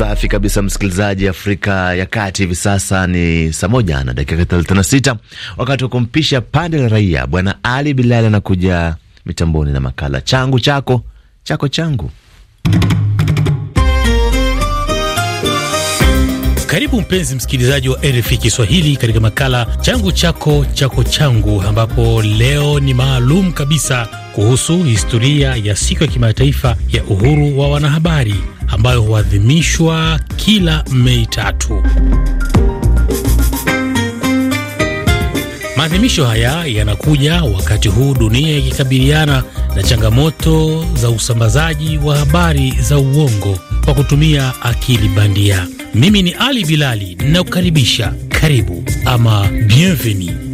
Safi kabisa, msikilizaji. Afrika ya Kati hivi sasa ni saa moja na dakika 36 na sita wakati wa kumpisha pande la raia. Bwana Ali Bilali anakuja mitamboni na makala changu chako chako changu. Karibu mpenzi msikilizaji wa RFI Kiswahili katika makala changu chako chako changu, ambapo leo ni maalum kabisa kuhusu historia ya siku ya kimataifa ya uhuru wa wanahabari ambayo huadhimishwa kila Mei tatu. Maadhimisho haya yanakuja wakati huu dunia ikikabiliana na changamoto za usambazaji wa habari za uongo kwa kutumia akili bandia. Mimi ni Ali Bilali, ninakukaribisha. Karibu ama bienvenue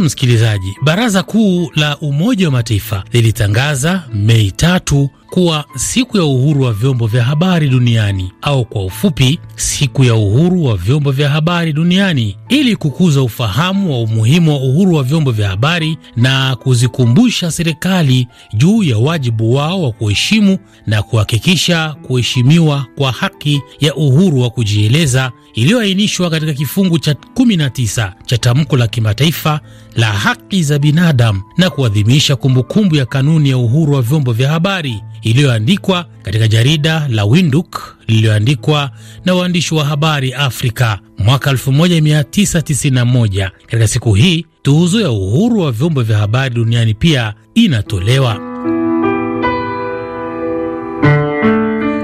Naam msikilizaji, Baraza Kuu la Umoja wa Mataifa lilitangaza Mei tatu kuwa siku ya uhuru wa vyombo vya habari duniani au kwa ufupi siku ya uhuru wa vyombo vya habari duniani ili kukuza ufahamu wa umuhimu wa uhuru wa vyombo vya habari na kuzikumbusha serikali juu ya wajibu wao wa kuheshimu na kuhakikisha kuheshimiwa kwa haki ya uhuru wa kujieleza iliyoainishwa katika kifungu cha 19 cha tamko la kimataifa la haki za binadamu na kuadhimisha kumbukumbu ya kanuni ya uhuru wa vyombo vya habari iliyoandikwa katika jarida la winduk lililoandikwa na waandishi wa habari Afrika mwaka 1991. Katika siku hii tuzo ya uhuru wa vyombo vya habari duniani pia inatolewa.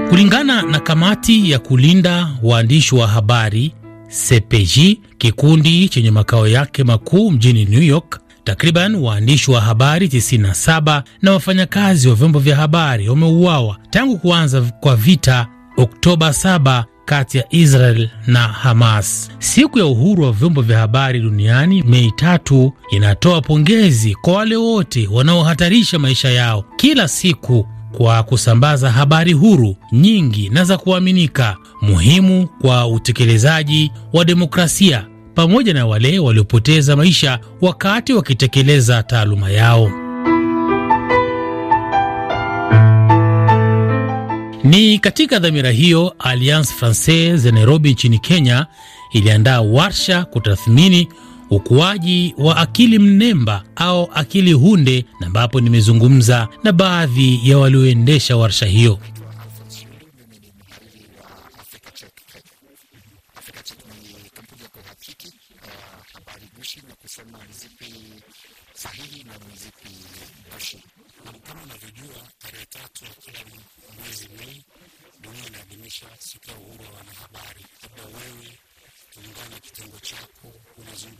Kulingana na kamati ya kulinda waandishi wa habari CPJ, kikundi chenye makao yake makuu mjini New York. Takriban waandishi wa habari 97 na wafanyakazi wa vyombo vya habari wameuawa tangu kuanza kwa vita Oktoba 7 kati ya Israel na Hamas. Siku ya uhuru wa vyombo vya habari duniani Mei tatu inatoa pongezi kwa wale wote wanaohatarisha maisha yao kila siku kwa kusambaza habari huru nyingi na za kuaminika, muhimu kwa utekelezaji wa demokrasia, pamoja na wale waliopoteza maisha wakati wakitekeleza taaluma yao. Ni katika dhamira hiyo Alliance Francaise ya Nairobi nchini Kenya iliandaa warsha kutathmini ukuaji wa akili mnemba au akili hunde, na ambapo nimezungumza na baadhi ya walioendesha warsha hiyo.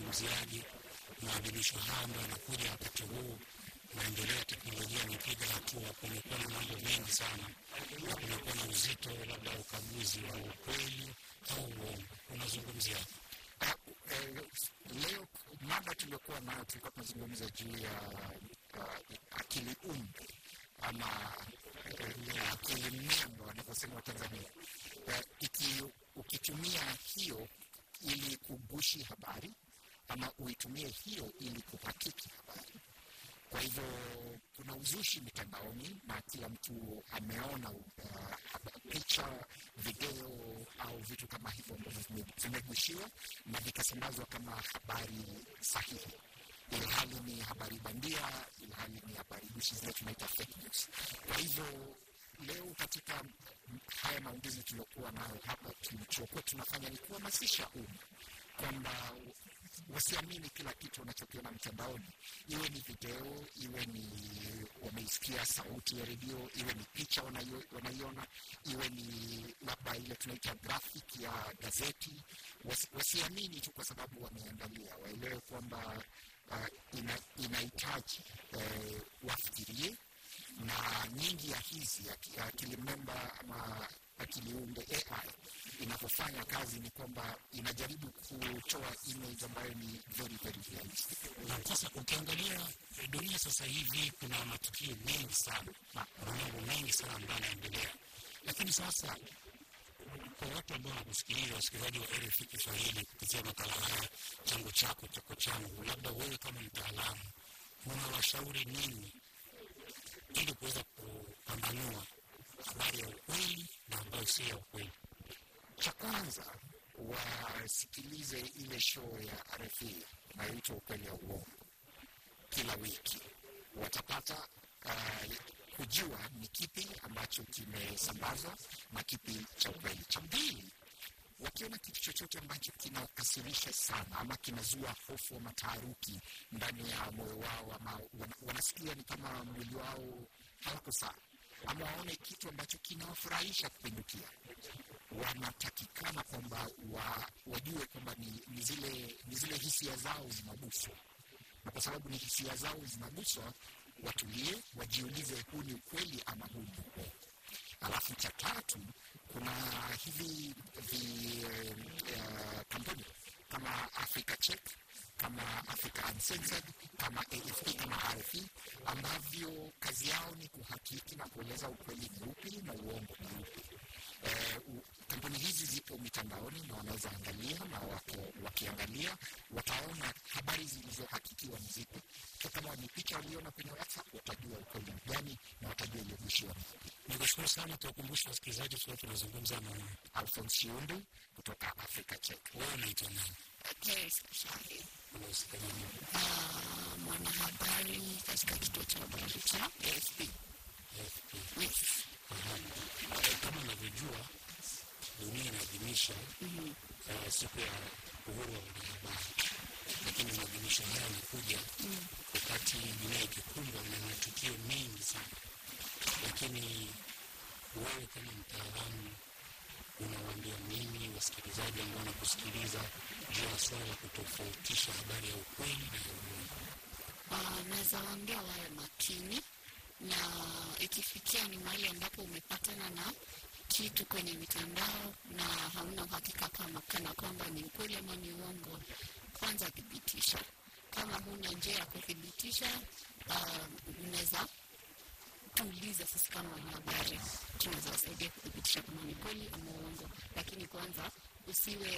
uzungumziaji maadhimisho haya ambayo yanakuja wakati huu maendeleo ya teknolojia amepiga hatua. Kumekuwa na mambo mengi sana, na kumekuwa na uzito labda ukaguzi wa ukweli au uongo. Unazungumzia ah, eh, leo mada tuliokuwa nayo, tulikuwa tunazungumza juu ya ah, akili umbe ama eh, akili mnemba wanavyosema Watanzania, eh, ukitumia hiyo ili kugushi habari ama uitumie hiyo ili kupatiki habari. Kwa hivyo kuna uzushi mitandaoni na kila mtu ameona uh, picha, video au vitu kama hivyo ambavyo vimegushiwa na vikasambazwa kama habari sahihi ilhali ni habari bandia, ilhali ni habari gushi zile tunaita fake news. Kwa hivyo leo katika haya maongezi tuliokuwa nayo hapa, tulichokuwa tunafanya ni kuhamasisha umma kwamba Wasiamini kila kitu wanachokiona mtandaoni, iwe ni video, iwe ni wameisikia sauti ya redio, iwe ni picha wanaiona, iwe ni labda ile tunaita grafik ya gazeti. Wasiamini tu kwa sababu wameandalia waelewe kwamba uh, inahitaji ina uh, wafikirie na nyingi ya hizi akili memba ama ai inavyofanya kazi ni kwamba inajaribu kutoa image ambayo ni very very realistic. Na sasa ukiangalia dunia sasa hivi kuna matukio mengi sana na mambo mengi sana ambayo yanaendelea, lakini sasa kwa watu ambao wanakusikiliza, wasikilizaji wa RFI Kiswahili kupitia makala haya changu chako chako changu, labda wewe kama mtaalamu unawashauri nini ili kuweza kupambanua ambayo ya ukweli na ambayo sio ya ukweli. Cha kwanza, wasikilize ile show ya RFI naitwa Ukweli wa Uongo kila wiki, watapata uh, kujua ni kipi ambacho kimesambazwa na kipi cha ukweli. Cha pili, wakiona kitu chochote ambacho kinakasirisha sana ama kinazua hofu ama taharuki ndani ya moyo wao, ama wanasikia ni kama mwili wao hauko sawa waone kitu ambacho kinawafurahisha kupindukia. Wanatakikana kwamba wa, wajue kwamba ni, ni, zile, ni zile hisia zao zinaguswa, na kwa sababu ni hisia zao zinaguswa, watulie, wajiulize huu ni ukweli ama huu ni ukweli. Alafu cha tatu kuna hivi vi, uh, kampuni kama Africa Check kama Africa Uncensored, kama AFP, kama RF ambavyo kazi yao ni kuhakiki na kueleza ukweli mweupe na uongo mweupe. Eh, Kampuni hizi zipo mitandaoni na wanaweza angalia, na wako wakiangalia wataona habari zilizohakikiwa ni zipi. Kama ni picha waliona kwenye WhatsApp watajua ukweli gani na watajua iliyogushiwa ni Nikushukuru sana, tuwakumbushe wasikilizaji tuwa tunazungumza na Alphonse Shiundu kutoka Africa Check. Wewe unaitwa nani? Ah, mwanahabari katika kituo cha habari cha AFP. Yes. Kama unavyojua kuadhimisha mm uh, eh, siku ya uhuru wa wanahabari, lakini maadhimisho haya yamekuja mm. wakati dunia ikikumbwa na matukio mengi sana, lakini wewe kama mtaalamu unawaambia nini wasikilizaji ambao wanakusikiliza juu ya swala ya kutofautisha habari ya ukweli na ya uongo? Uh, naweza waambia wawe makini na ikifikia ni mahali ambapo umepatana na kitu kwenye mitandao na hauna uhakika kama kana kwamba ni ukweli ama ni uongo, kwanza thibitisha. Kama huna njia ya kuthibitisha, uh, unaweza uh, tuulize sisi kama wanahabari, tunaweza wasaidia kuthibitisha kama ni kweli ama uongo, lakini kwanza usiwe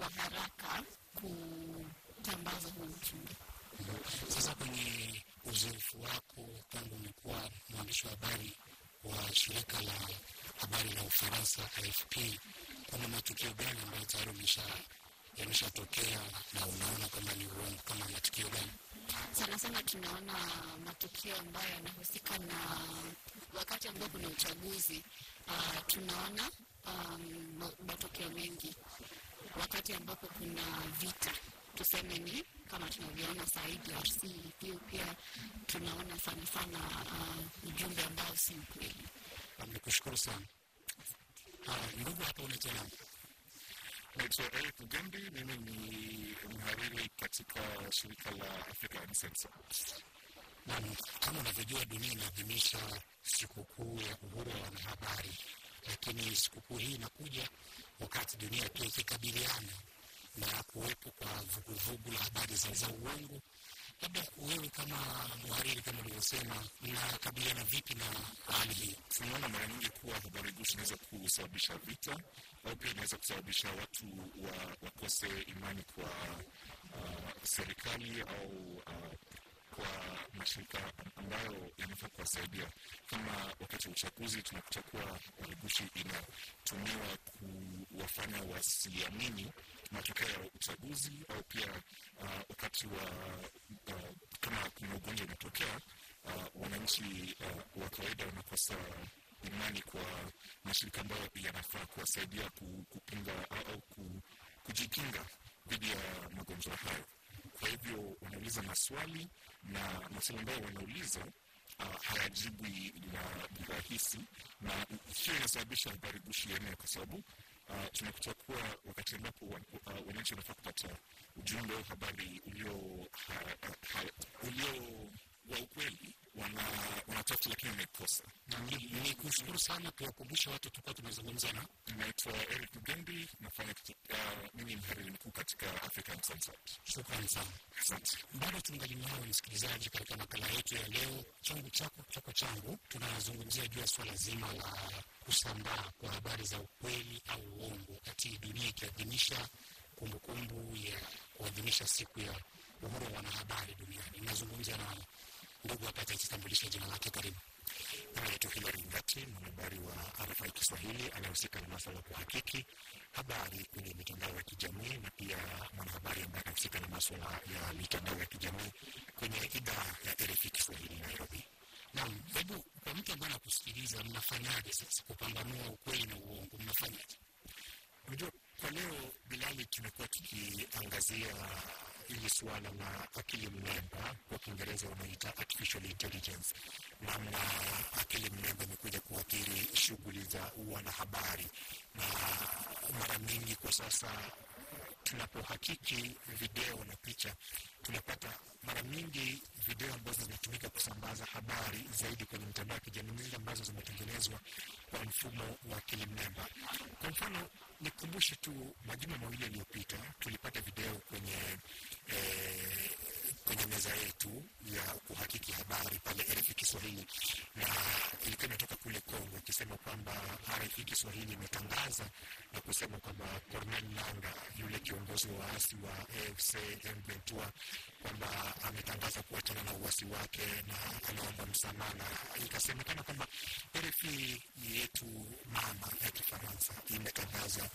wa haraka kutambaza huu uchungu. Sasa kwenye uzoefu wako tangu umekuwa mwandishi wa habari wa shirika la habari la Ufaransa AFP kuna matukio gani ambayo tayari umesha yameshatokea na unaona kwamba ni uongo kama matukio gani? Sana sana tunaona matukio ambayo yanahusika na wakati ambao kuna uchaguzi. Uh, tunaona um, matokeo mengi wakati ambapo kuna vita, tuseme ni kama tunavyoona sahii DRC, Ethiopia, tunaona sana sana uh, ujumbe uh, ambao si ukweli. Nikushukuru sana. Haya, ndugu, hapa unaitwa nani? Naitwa Eric Ugambi, mimi ni mhariri katika shirika la Africa Incense. Na kama unavyojua dunia inaadhimisha sikukuu ya uhuru wa wanahabari, lakini sikukuu hii inakuja wakati dunia pia ikikabiliana na kuwepo kwa vuguvugu la habari za uongo. Labda wewe kama mhariri, kama ulivyosema, mnakabiliana vipi na hali hii? Tunaona mara nyingi kuwa habari gushi inaweza kusababisha vita au pia inaweza kusababisha watu wa, wakose imani kwa uh, serikali au uh, kwa mashirika ambayo yanafaa kuwasaidia. Kama wakati wa uchaguzi tunakuta kuwa ugushi inatumiwa kuwafanya wasiamini matokeo ya uchaguzi, au pia uh, wakati wa uh, kama kuna ugonjwa unatokea uh, ah, wananchi uh, wa kawaida wanakosa imani kwa mashirika ambayo yanafaa kuwasaidia kupinga au kujikinga dhidi ya magonjwa hayo. Kwa hivyo unauliza maswali na maswali ambayo wanauliza uh, ah, hayajibwi na rahisi na hiyo inasababisha habari gushi yenyewe, kwa sababu uh, tunakuta kuwa wakati ambapo uh, wananchi wanafaa kupata ujumbe habari ulio ha, ha, ulio wa ukweli wanatafuta, lakini wamekosa. Ni kushukuru sana kuwakumbusha watu, tukuwa tumezungumza na naitwa Eric Mugendi, nafanya uh, mimi mhariri mkuu katika African Shukrani sana, asante. Bado tungali nao msikilizaji, katika makala yetu ya leo, changu chako chako changu, tunazungumzia juu ya swala zima la kusambaa kwa habari za ukweli au uongo, kati dunia ikiadhimisha kumbukumbu ya kuadhimisha siku ya uhuru wa wanahabari duniani. Inazungumzia na ndugu apate ajitambulishe jina lake. Karibu. Jina letu Hilari Ngati, mwanahabari wa RFI Kiswahili anayehusika na maswala ya kuhakiki habari kwenye mitandao ya kijamii na pia mwanahabari ambaye anahusika na maswala ya mitandao ya kijamii kwenye idhaa ya RFI Kiswahili Nairobi. Naam, hebu kwa mtu ambaye anakusikiliza, mnafanyaje sasa kupambanua ukweli na uongo? Mnafanyaje? Unajua, kwa leo Bilali, tumekuwa tukiangazia hili suala la akili mnemba, kwa Kiingereza wanaita artificial intelligence, namna akili mnemba imekuja kuathiri shughuli za wanahabari na mara mingi kwa sasa tunapohakiki video na picha tunapata mara nyingi video ambazo zinatumika kusambaza habari zaidi kwenye mitandao ya kijamii zile ambazo zimetengenezwa kwa mfumo wa kilimnemba. Kwa mfano, nikumbushe tu, majuma mawili yaliyopita tulipata video kwenye e, kwenye meza yetu ya kuhakiki habari pale RFI Kiswahili, na ilikuwa imetoka kule Kongo RFI Kiswahili imetangaza na kusema kwamba Corneille Nangaa, yule kiongozi wa waasi wa AFC M23, kwamba ametangaza kuachana na uasi wake na anaomba msamaha, na ikasemekana kwamba RFI yetu mama ya Kifaransa imetangaza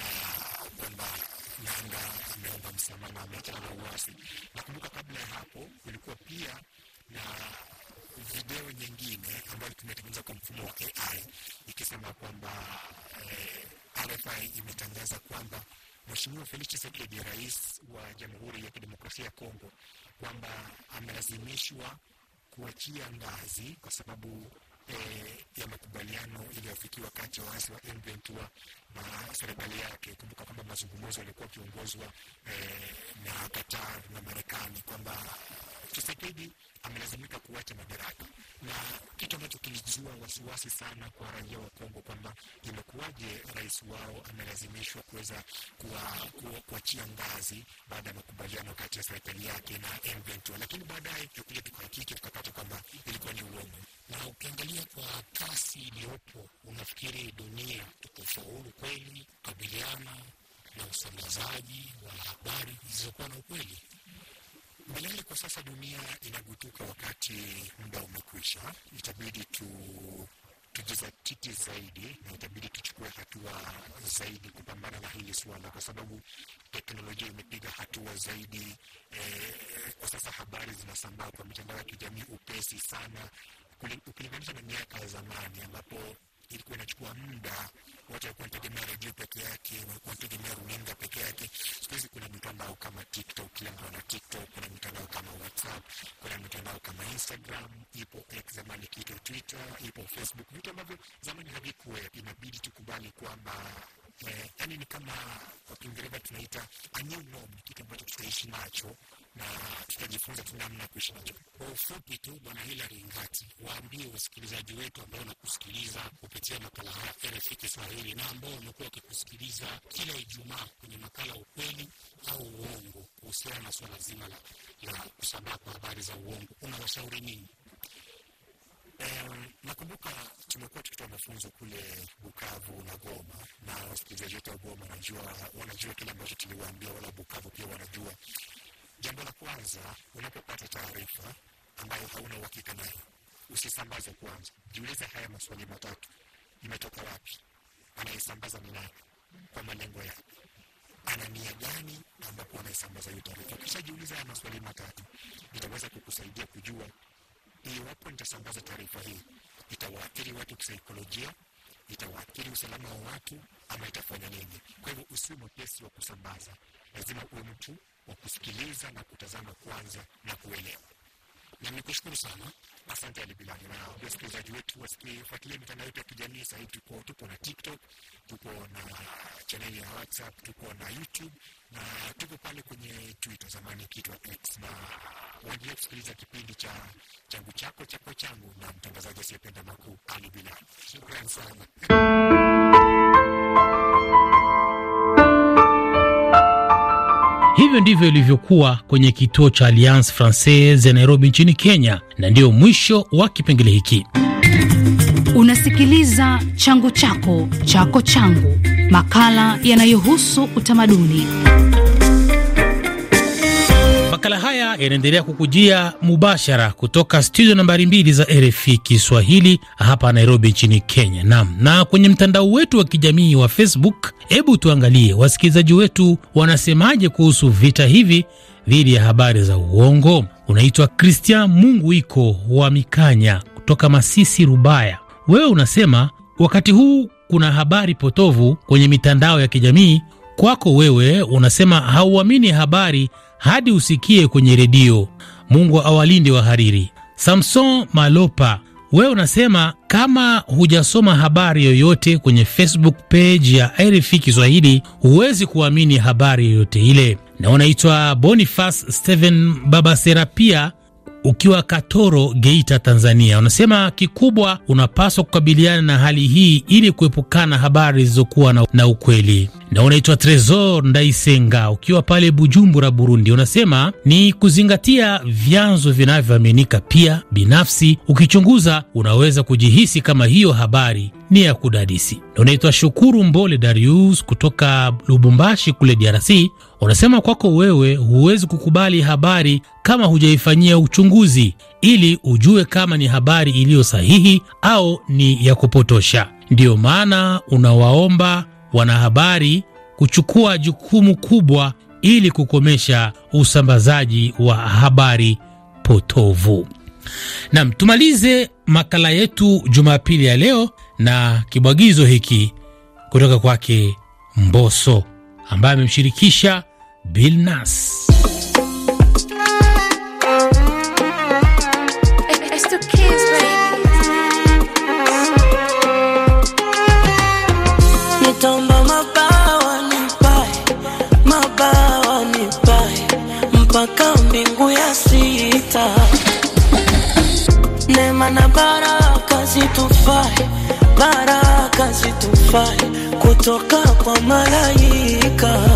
ah, kwamba Nanga ameomba msamaha, ameachana na uasi. Nakumbuka kabla ya hapo kulikuwa pia na video nyingine ambayo tumetengeneza kwa mfumo wa AI ikisema kwamba eh, RFI imetangaza kwamba Mheshimiwa Felix Tshisekedi, rais wa Jamhuri ya Kidemokrasia ya Kongo, kwamba amelazimishwa kuachia ngazi kwa sababu eh, ya makubaliano iliyofikiwa kati ya waasi wa M23 na serikali yake. Kumbuka kwamba mazungumzo yalikuwa yakiongozwa eh, na Qatar na Marekani kwamba Tshisekedi amelazimika kuacha madaraka, na kitu ambacho kilizua wasiwasi sana kwa raia wa Kongo kwamba imekuwaje rais wao amelazimishwa kuweza kuachia kuwa, ngazi baada ya makubaliano kati ya serikali yake na M23, lakini baadaye tukuja tukahakiki tukapata kwamba ilikuwa ni uongo. Na ukiangalia kwa kasi iliyopo, unafikiri dunia tukufaulu kweli kukabiliana na usambazaji wa habari zilizokuwa na ukweli? Nadhani kwa sasa dunia inagutuka, wakati muda umekwisha, itabidi tu tujizatiti zaidi na itabidi tuchukue hatua zaidi kupambana na hili suala, kwa sababu teknolojia imepiga hatua zaidi. E, kwa sasa habari zinasambaa kwa mitandao ya kijamii upesi sana ukilinganisha na miaka ya zamani ambapo ilikuwa inachukua muda, watu walikuwa wanategemea redio peke yake, walikuwa wanategemea runinga peke yake. Siku hizi kuna mitandao kama TikTok, kila mtu ana TikTok, kuna mitandao kama WhatsApp, kuna mitandao kama Instagram, ipo X zamani kiitwa Twitter, ipo Facebook, vitu ambavyo zamani havikuwe. Inabidi tukubali kwamba eh, yani ni kama kwa Kiingereza tunaita a new norm, kitu ambacho tutaishi nacho na tutajifunza tu namna kuishi nacho. Kwa ufupi tu, Bwana Hilary Ngati, waambie wasikilizaji wetu ambao wanakusikiliza kupitia makala haya RFI Kiswahili na ambao wamekuwa wakikusikiliza kila Ijumaa kwenye makala ukweli au uongo kuhusiana na swala zima la, la kusambaa kwa habari za uongo, kuna washauri nini? Um, nakumbuka tumekuwa tukitoa mafunzo kule Bukavu na Goma, na wasikilizaji wetu wa Goma wanajua, wanajua kile ambacho tuliwaambia, wala Bukavu pia wanajua. Jambo la kwanza, unapopata taarifa ambayo hauna uhakika nayo, usisambaze kwanza, jiulize haya maswali matatu imetoka wapi, anaisambaza ni nani, kwa malengo yake, ana nia gani ambapo anaisambaza hiyo taarifa. Ukishajiuliza haya maswali matatu, itaweza kukusaidia kujua iwapo nitasambaza taarifa hii itawaathiri watu kisaikolojia, itawaathiri usalama wa watu ama itafanya nini? Kwa hivyo usiwe mwepesi wa kusambaza, lazima uwe mtu wa kusikiliza na kutazama kwanza na kuelewa. Nikushukuru sana, asante Ali Bilali, na wasikilizaji wetu wasifuatilie mitandao yetu ya kijamii sahii. Tuko, tupo na TikTok, tupo na channel ya WhatsApp, tupo na YouTube na tuko pale kwenye Twitter, zamani kiitwa X, na waendelee kusikiliza kipindi cha changu chako chako changu na mtangazaji asiyependa makuu Ali Bilali. Shukrani sana. Hivyo ndivyo ilivyokuwa kwenye kituo cha Alliance Francaise ya Nairobi nchini Kenya, na ndiyo mwisho wa kipengele hiki. Unasikiliza changu chako chako changu, makala yanayohusu utamaduni. Makala haya yanaendelea kukujia mubashara kutoka studio nambari mbili za RFI Kiswahili hapa Nairobi nchini Kenya. Naam, na kwenye mtandao wetu wa kijamii wa Facebook, hebu tuangalie wasikilizaji wetu wanasemaje kuhusu vita hivi dhidi ya habari za uongo. Unaitwa Christian Mungu iko wa Mikanya kutoka Masisi Rubaya, wewe unasema wakati huu kuna habari potovu kwenye mitandao ya kijamii. Kwako wewe unasema hauamini habari hadi usikie kwenye redio. Mungu awalinde wahariri. Samson Malopa, wewe unasema kama hujasoma habari yoyote kwenye Facebook page ya RFI Kiswahili huwezi kuamini habari yoyote ile. Na unaitwa Boniface stehen Babaserapia ukiwa Katoro, Geita, Tanzania. Unasema kikubwa, unapaswa kukabiliana na hali hii ili kuepukana habari zilizokuwa na, na ukweli. Na unaitwa Tresor Ndaisenga ukiwa pale Bujumbura, Burundi, unasema ni kuzingatia vyanzo vinavyoaminika. Pia binafsi, ukichunguza unaweza kujihisi kama hiyo habari ni ya kudadisi. Na unaitwa Shukuru Mbole Darius kutoka Lubumbashi kule DRC, Unasema kwako wewe huwezi kukubali habari kama hujaifanyia uchunguzi ili ujue kama ni habari iliyo sahihi au ni ya kupotosha. Ndiyo maana unawaomba wanahabari kuchukua jukumu kubwa ili kukomesha usambazaji wa habari potovu. Nam, tumalize makala yetu Jumapili ya leo na kibwagizo hiki kutoka kwake mboso ambaye amemshirikisha Bill Nass. mabawa mpaka mbingu ya sita. na baraka zitufae, baraka zitufae, kutoka kwa malaika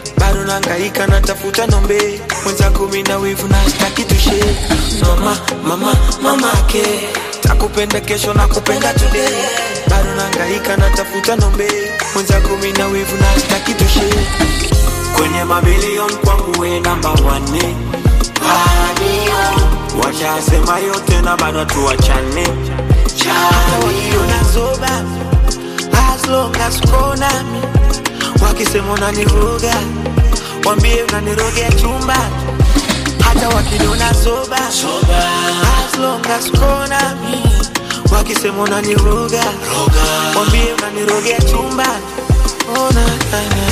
unahangaika na tafuta nombe mwenzako mina wivu na staki tushe mama mama mama ke takupenda kesho na kupenda today bado nahangaika na tafuta nombe mwenzako mina wivu na staki tushe kwenye mabilion kwangu we namba wacha asema yote na bado tuwachane zoba as long as kona wakisema unanivuga wambie unaniroge chumba hata wakiniona soba, As long as kona mi wakisema unaniroga mwambie unanirogea chumba ona kana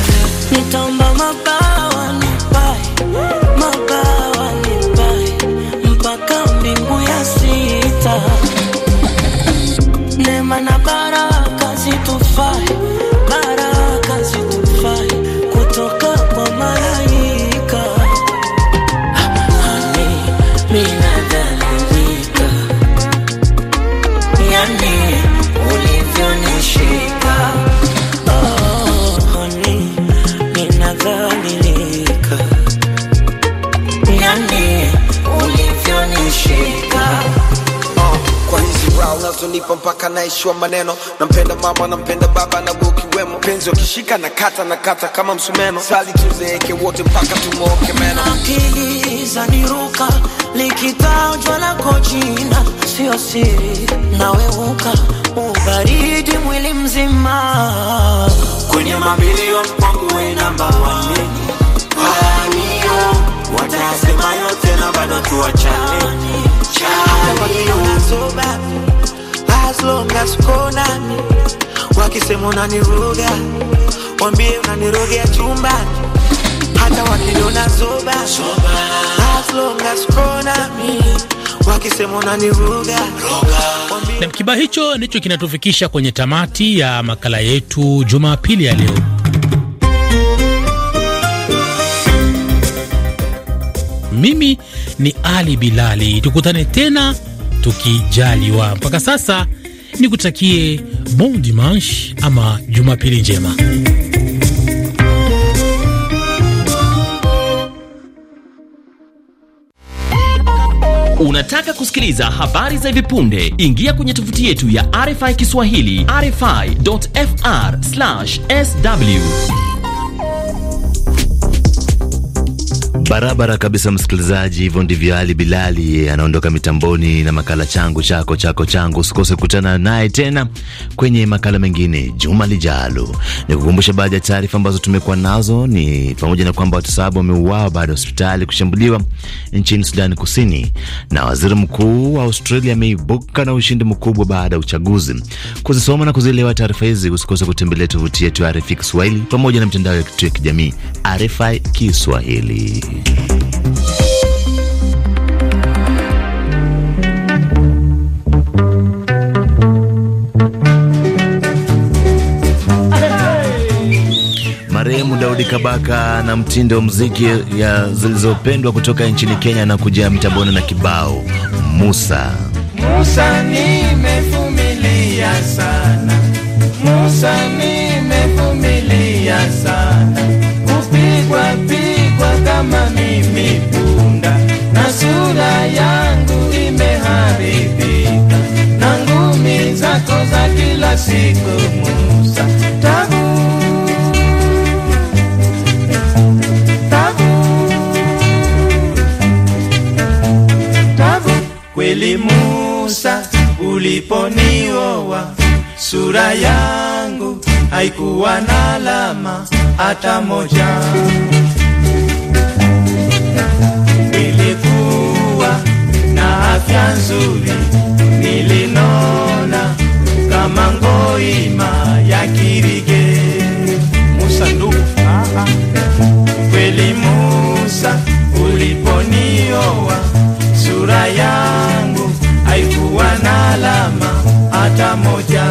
nitaomba mabawa nipae mabawa nipae mpaka mbingu ya sita neema na baraka zitufae mpaka naishiwa maneno nampenda mama nampenda baba na ukiwemo penzi wakishika na kata na kata kama msumeno sali tuzeeke wote mpaka tumoke meno akili zaniruka likitajwa la kojina sio siri naweuka ubaridi mwili mzima kwenye mabilio kwangu we namba waneni unaniroga, wambie unanirogea chumba, hata wakiniona zoba, as long as kona mi na mkiba hicho ndicho kinatufikisha kwenye tamati ya makala yetu Jumapili ya leo. Mimi ni Ali Bilali, tukutane tena tukijaliwa. Mpaka sasa ni kutakie bon dimanche ama Jumapili njema. Unataka kusikiliza habari za hivi punde? Ingia kwenye tovuti yetu ya RFI Kiswahili, rfi.fr/sw. Barabara kabisa, msikilizaji. Hivyo ndivyo Ali Bilali anaondoka mitamboni na makala changu chako chako changu. Usikose kukutana naye tena kwenye makala mengine juma lijalo. Ni kukumbusha baadhi ya taarifa ambazo tumekuwa nazo ni pamoja na kwamba watu saba wameuawa baada ya hospitali kushambuliwa nchini Sudani Kusini, na waziri mkuu wa Australia ameibuka na ushindi mkubwa baada ya uchaguzi. Kuzisoma na kuzielewa taarifa hizi, usikose kutembelea tovuti yetu ya RFI Kiswahili pamoja na mitandao yetu ya kijamii RFI Kiswahili. Marehemu Daudi Kabaka na mtindo wa muziki ya zilizopendwa kutoka nchini Kenya na kuja mitamboni na kibao Musa. Musa, nimevumilia sana. Musa, nimevumilia sana. mipunda na sura yangu imeharibika na ngumi zako za kila siku Musa tabu tabu tabu kweli Musa uliponioa sura yangu haikuwa na alama hata moja afya nzuri nilinona kama ngoima ya kirige. Musa ndugu, Aha, kweli Musa uliponioa sura yangu haikuwa na alama hata moja.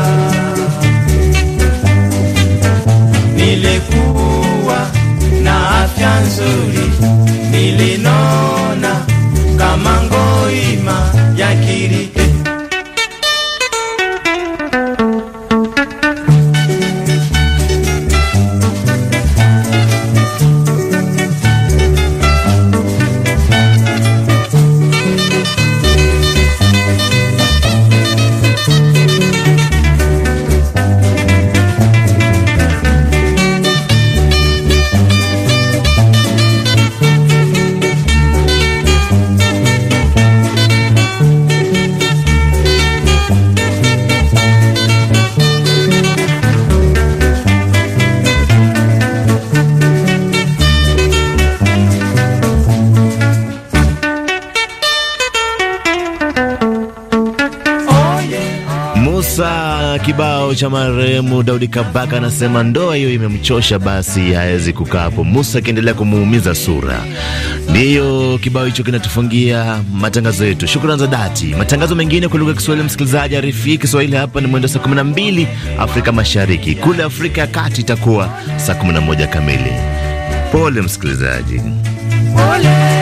Nilikuwa na afya nzuri nilinona kama ngoima Roraima, Yakiri, que kibao cha marehemu Daudi Kabaka anasema ndoa hiyo imemchosha, basi hawezi kukaa hapo, Musa akiendelea kumuumiza sura. Ndiyo, kibao hicho kinatufungia matangazo yetu. Shukrani za dhati. Matangazo mengine kwa lugha ya Kiswahili, msikilizaji arifi Kiswahili hapa ni mwendo saa 12 Afrika Mashariki, kule Afrika ya Kati itakuwa saa 11 kamili. Pole msikilizaji, pole.